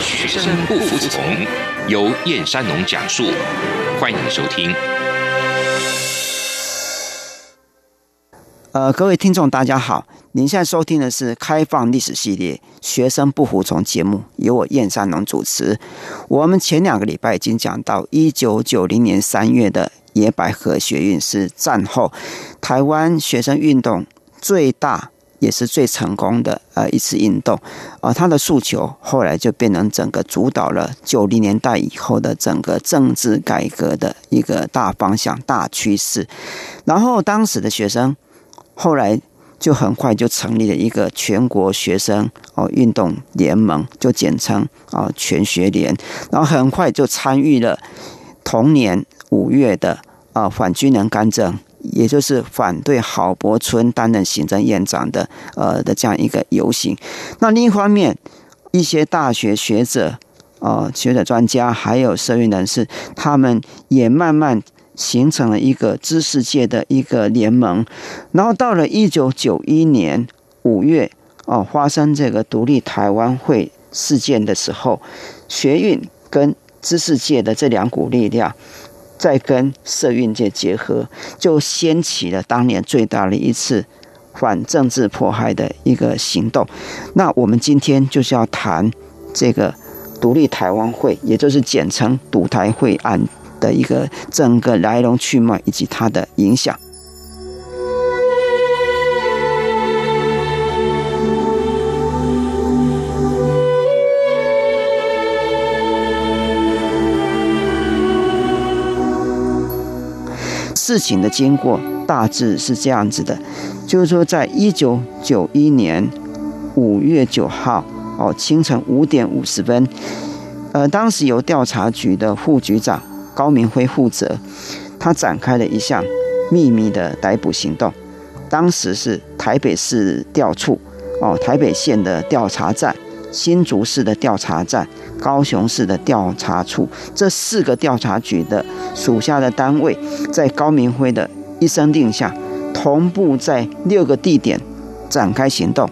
學生不服從，由燕山農講述，歡迎收聽。呃，各位聽眾，大家好，您現在收聽的是《開放歷史系列》學生不服從節目，由我燕山農主持。我們前兩個禮拜已經講到，一九九零年三月的野百合學運是戰後台灣學生運動最大。也是最成功的呃一次運動，啊，他的訴求後來就變成整個主導了九零年代以後的整個政治改革的一個大方向、大趨勢。然後當時的學生，後來就很快就成立了一個全國學生哦運動聯盟，就簡稱啊全學聯。然後很快就參與了同年五月的啊反軍人干政。也就是反對郝柏村擔任行政院長的，呃的這樣一個遊行。那另一方面，一些大學學者、呃、學者專家，還有社運人士，他們也慢慢形成了一個知識界的一個聯盟。然後到了一九九一年五月，哦、呃、發生這個獨立台灣會事件的時候，學運跟知識界的這兩股力量，再跟社運界結合，就掀起了當年最大的一次反政治迫害的一個行動。那我們今天就是要談這個獨立台灣會，也就是簡稱“獨台會案”的一個整個來龍去脈以及它的影響。事情的經過大致是這樣子的，就是說，在一九九一年五月九號哦，清晨五點五十分，呃，當時由調查局的副局長高明輝負責，他展開了一項秘密的逮捕行動，當時是台北市調處哦，台北縣的調查站。新竹市的調查站、高雄市的調查處，這四個調查局的屬下的單位，在高明輝的一聲令下，同步在六個地點展開行動。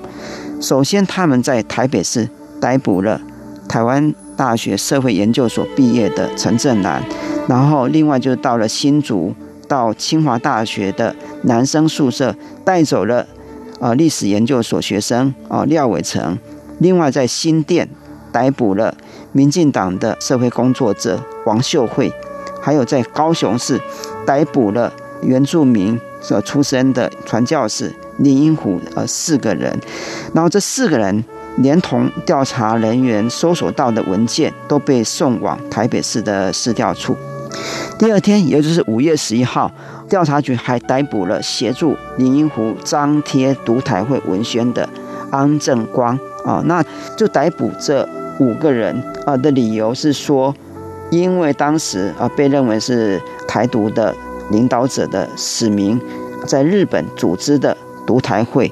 首先，他們在台北市逮捕了台灣大學社會研究所畢業的陳正然，然後另外就到了新竹，到清華大學的男生宿舍，帶走了啊歷史研究所學生啊廖偉程。另外，在新店逮捕了民進黨的社會工作者王秀惠，還有在高雄市逮捕了原住民所出身的傳教士林蔭虎，呃，四個人。然後這四個人連同調查人員搜索到的文件，都被送往台北市的市調處。第二天，也就是五月十一號，調查局還逮捕了協助林蔭虎張貼獨台會文宣的安正光。啊，那就逮捕這五個人啊的理由是說，因為當時啊被認為是台獨的領導者的史明，在日本組織的獨台會，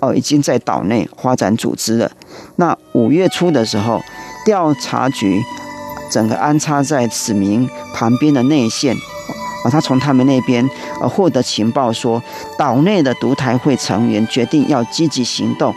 哦已經在島內發展組織了。那五月初的時候，調查局整個安插在史明旁邊的內線，啊，他從他們那邊啊獲得情報說，島內的獨台會成員決定要積極行動。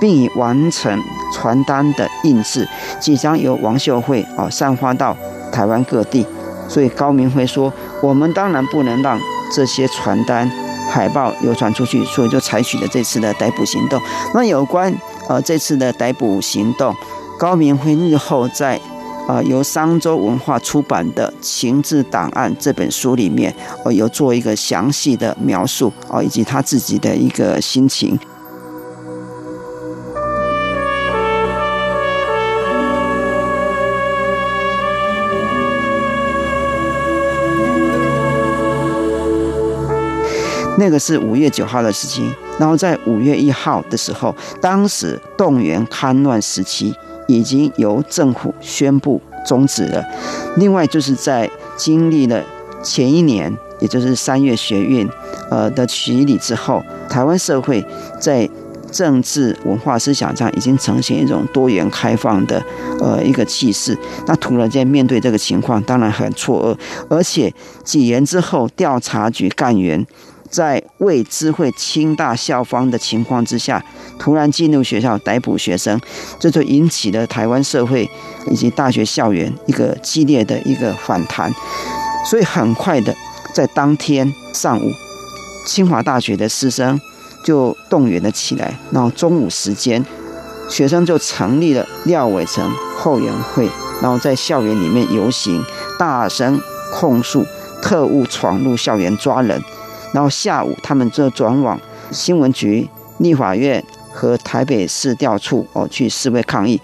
並已完成傳單的印製，即將由王秀慧哦散發到台灣各地，所以高明輝說，我們當然不能讓這些傳單、海報流傳出去，所以就採取了這次的逮捕行動。那有關呃這次的逮捕行動，高明輝日後在呃由商周文化出版的《情治檔案》這本書裡面哦有做一個詳細的描述啊、哦，以及他自己的一個心情。那個是五月九號的事情，然後在五月一號的時候，當時動員戡亂時期已經由政府宣布終止了。另外，就是在經歷了前一年，也就是三月學運，呃的洗禮之後，台灣社會在政治、文化、思想上已經呈現一種多元開放的，呃一個氣勢。那突然間面對這個情況，當然很錯愕。而且幾年之後，調查局幹員。在未知會清大校方的情況之下，突然進入學校逮捕學生，這就引起了台灣社會以及大學校園一個激烈的一個反彈。所以很快的，在當天上午，清華大學的師生就動員了起來。然後中午時間，學生就成立了廖偉程後援會，然後在校園裡面遊行，大聲控訴特務闖入校園抓人。然後下午，他們就轉往新聞局、立法院和台北市調處哦，去示威抗議。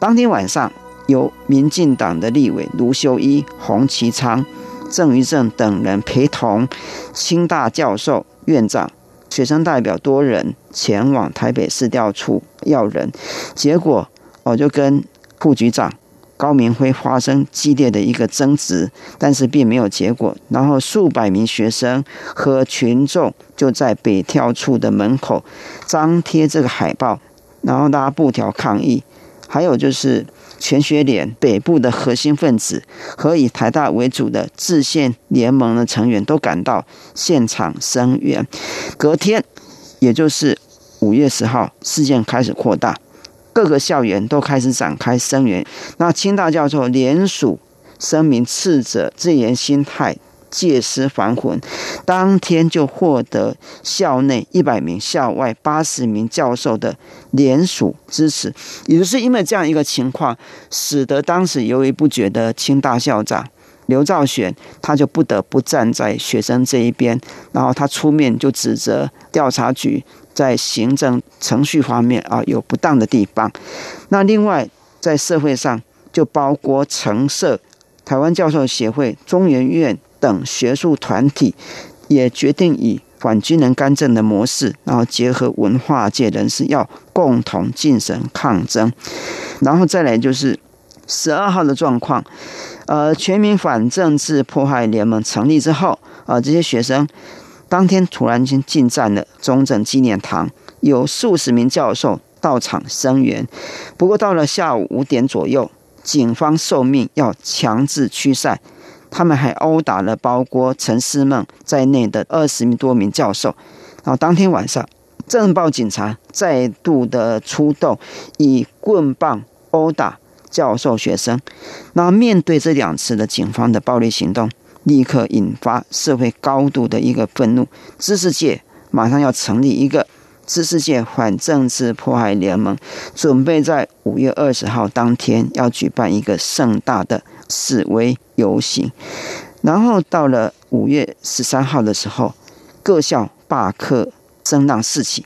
當天晚上，由民進黨的立委盧，盧修一、洪奇昌、鄭余鎮等人陪同，清大教授、院長、學生代表多人前往台北市調處要人，結果我、哦、就跟副局長。高明輝發生激烈的一個爭執，但是並沒有結果。然後數百名學生和群眾就在北調處的門口張貼這個海報，然後拉布條抗議。還有就是全學聯北部的核心分子和以台大為主的制憲聯盟的成員都趕到現場聲援。隔天，也就是五月十號，事件開始擴大。各個校園都開始展開聲援。那清大教授聯署聲明斥責自言心態借屍還魂，當天就獲得校內一百名、校外八十名教授的聯署支持。也就是因為這樣一個情況，使得當時猶豫不決的清大校長劉兆玄，他就不得不站在學生這一邊，然後他出面就指責調查局，在行政程序方面啊有不當的地方，那另外在社會上，就包括澄社、台灣教授協會、中研院等學術團體，也決定以反軍人干政的模式，然後結合文化界人士要共同進行抗爭，然後再來就是十二號的狀況，呃，全民反政治迫害聯盟成立之後啊、呃，這些學生。當天突然間進佔了中正紀念堂，有數十名教授到場聲援。不過到了下午五點左右，警方受命要強制驅散，他們還毆打了包括陳師孟在內的二十多名教授。然後當天晚上，鎮暴警察再度的出動，以棍棒毆打教授學生。那面對這兩次的警方的暴力行動，立刻引發社會高度的一個憤怒，知識界馬上要成立一個知識界反政治迫害聯盟，準備在五月二十號當天要舉辦一個盛大的示威遊行。然後到了五月十三號的時候，各校罷課聲浪四起，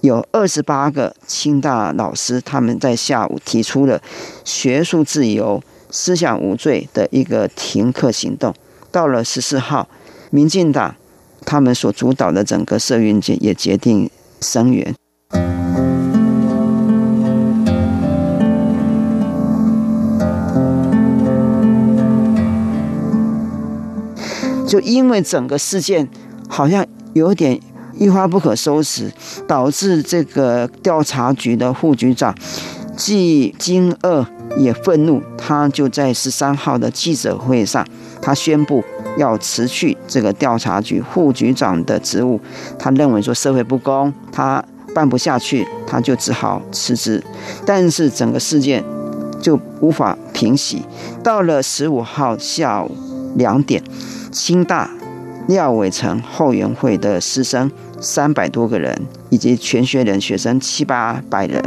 有二十八個清大老師他們在下午提出了學術自由、思想無罪的一個停課行動。到了十四號，民進黨他們所主導的整個社運界也決定聲援。就因為整個事件好像有點一發不可收拾，導致這個調查局的副局長既驚愕也憤怒，他就在十三號的記者會上。他宣布要辭去這個調查局副局長的職務，他認為說社會不公，他辦不下去，他就只好辭職。但是整個事件就無法平息。到了十五號下午兩點，清大廖偉成後援會的師生三百多個人，以及全學聯學生七八百人，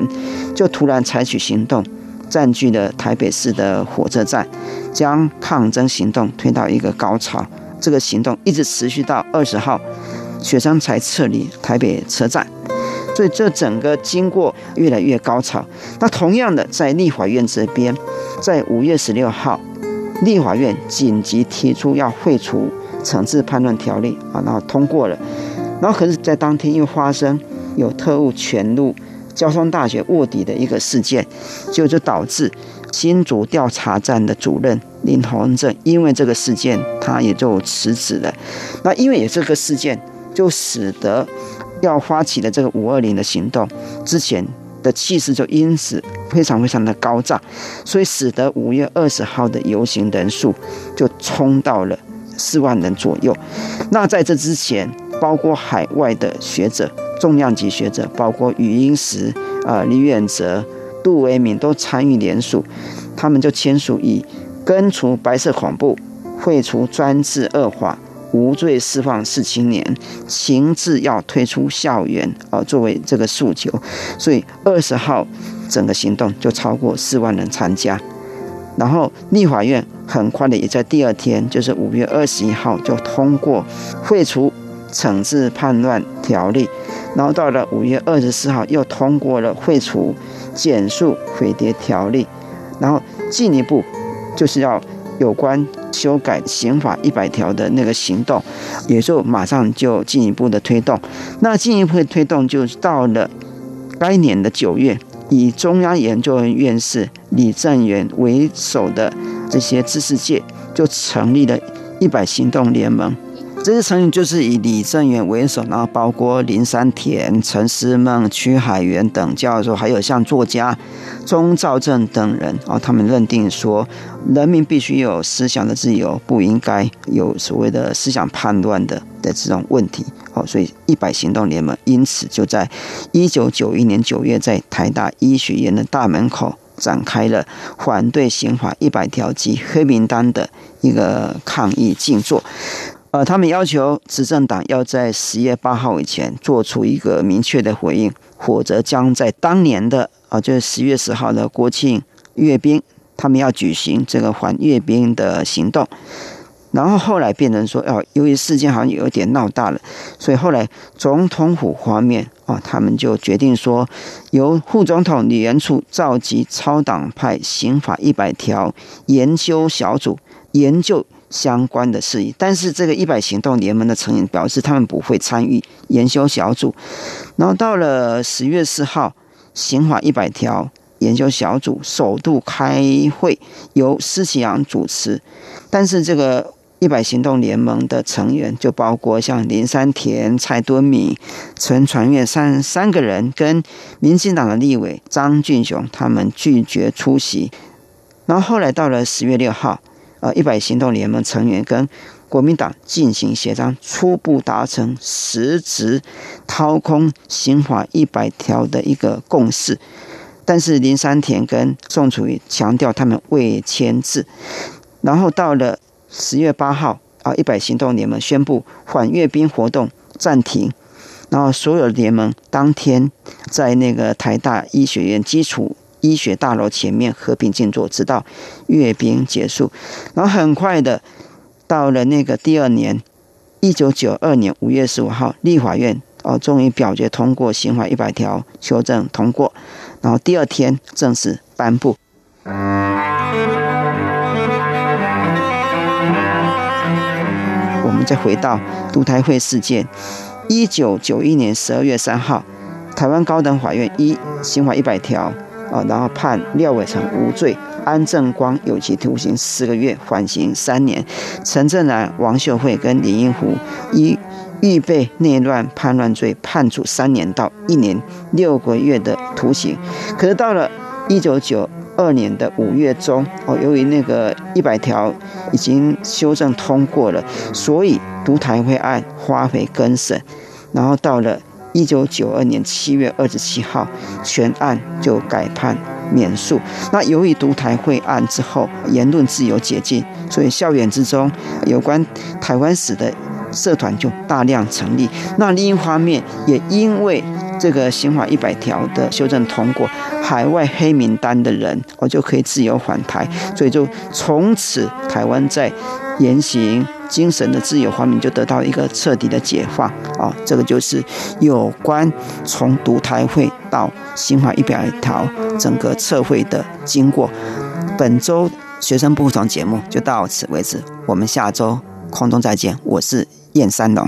就突然採取行動。佔據了台北市的火車站，將抗爭行動推到一個高潮。這個行動一直持續到二十號，學生才撤離台北車站。所以這整個經過越來越高潮。那同樣的，在立法院這邊，在五月十六號，立法院緊急提出要廢除懲治叛亂條例啊，然後通過了。然後可是，在當天又發生有特務潛入。交通大學臥底的一個事件，就就導致新竹調查站的主任林宏正因為這個事件，他也就辭職了。那因為有這個事件，就使得要發起的這個五二零的行動之前的氣勢就因此非常非常的高漲，所以使得五月二十號的遊行人數就衝到了四萬人左右。那在這之前。包括海外的學者，重量級學者，包括余英時啊、李遠哲、杜維明都參與聯署，他們就簽署以根除白色恐怖、廢除專制惡法無罪釋放四青年、行制要退出校園啊、呃、作為這個訴求，所以二十號整個行動就超過四萬人參加，然後立法院很快的也在第二天，就是五月二十一號就通過廢除。懲治叛亂條例，然後到了五月二十四號，又通過了廢除檢肅匪諜條例，然後進一步就是要有關修改刑法一百條的那個行動，也就馬上就進一步的推動。那進一步的推動就到了該年的九月，以中央研究院院士李鎮源為首的這些知識界就成立了一百行動聯盟。這些成員就是以李鎮源為首，然後包括林山田、陳師孟、瞿海源等教授，還有像作家鍾肇政等人，他們認定說，人民必須有思想的自由，不應該有所謂的思想叛亂的的這種問題，哦，所以一百行動聯盟因此就在一九九一年九月在台大醫學院的大門口展開了反對刑法一百條及黑名單的一個抗議靜坐。呃，他們要求執政黨要在十月八號以前做出一個明確的回應，否則將在當年的啊，就是十月十號的國慶閱兵，他們要舉行這個反閱兵的行動。然後後來變成說，哦，由於事件好像有點鬧大了，所以後來總統府方面啊，他們就決定說，由副總統李元簇召集超黨派刑法一百條研究小組研究相關的事宜，但是這個一百行動聯盟的成員表示他們不會參與研究小組。然後到了十月四號，刑法一百條研究小組首度開會，由施啟揚主持。但是這個一百行動聯盟的成員就包括像林山田、蔡墩銘、陳傳岳三三個人，跟民進黨的立委張俊雄他們拒絕出席。然後後來到了十月六號。呃，一百行動聯盟成員跟國民黨進行協商，初步達成實質掏空刑法一百條的一個共識，但是林山田跟宋楚瑜強調他們未簽字。然後到了十月八號，啊、呃，一百行動聯盟宣布反閱兵活動暫停，然後所有聯盟當天在那個台大醫學院基礎醫學大樓前面和平靜坐，直到閱兵結束。然後很快的到了那個第二年，一九九二年五月十五號，立法院哦，終於表決通過《刑法一百條》修正通過。然後第二天正式頒布。嗯、我們再回到獨台會事件，一九九一年十二月三號，台灣高等法院一《刑法一百條》。啊，然後判廖偉成無罪，安正光有期徒刑四個月，緩刑三年，陳正然、王秀惠跟林銀福以預備內亂、叛亂罪判處三年到一年六個月的徒刑。可是到了一九九二年的五月中，哦，由於那個一百條已經修正通過了，所以獨台會案發回更審，然後到了，一九九二年七月二十七號，全案就改判免訴。那由於獨台會案之後言論自由解禁，所以校園之中有關台灣史的社團就大量成立。那另一方面，也因為這個刑法一百條的修正通過，海外黑名單的人我就可以自由返台，所以就從此台灣在言行。精神的自由、光明就得到一個徹底的解放啊、哦！這個就是有關從獨台會到新華一百條整個測繪的經過。本週學生部同節目就到此為止，我們下週空中再見，我是燕三龍。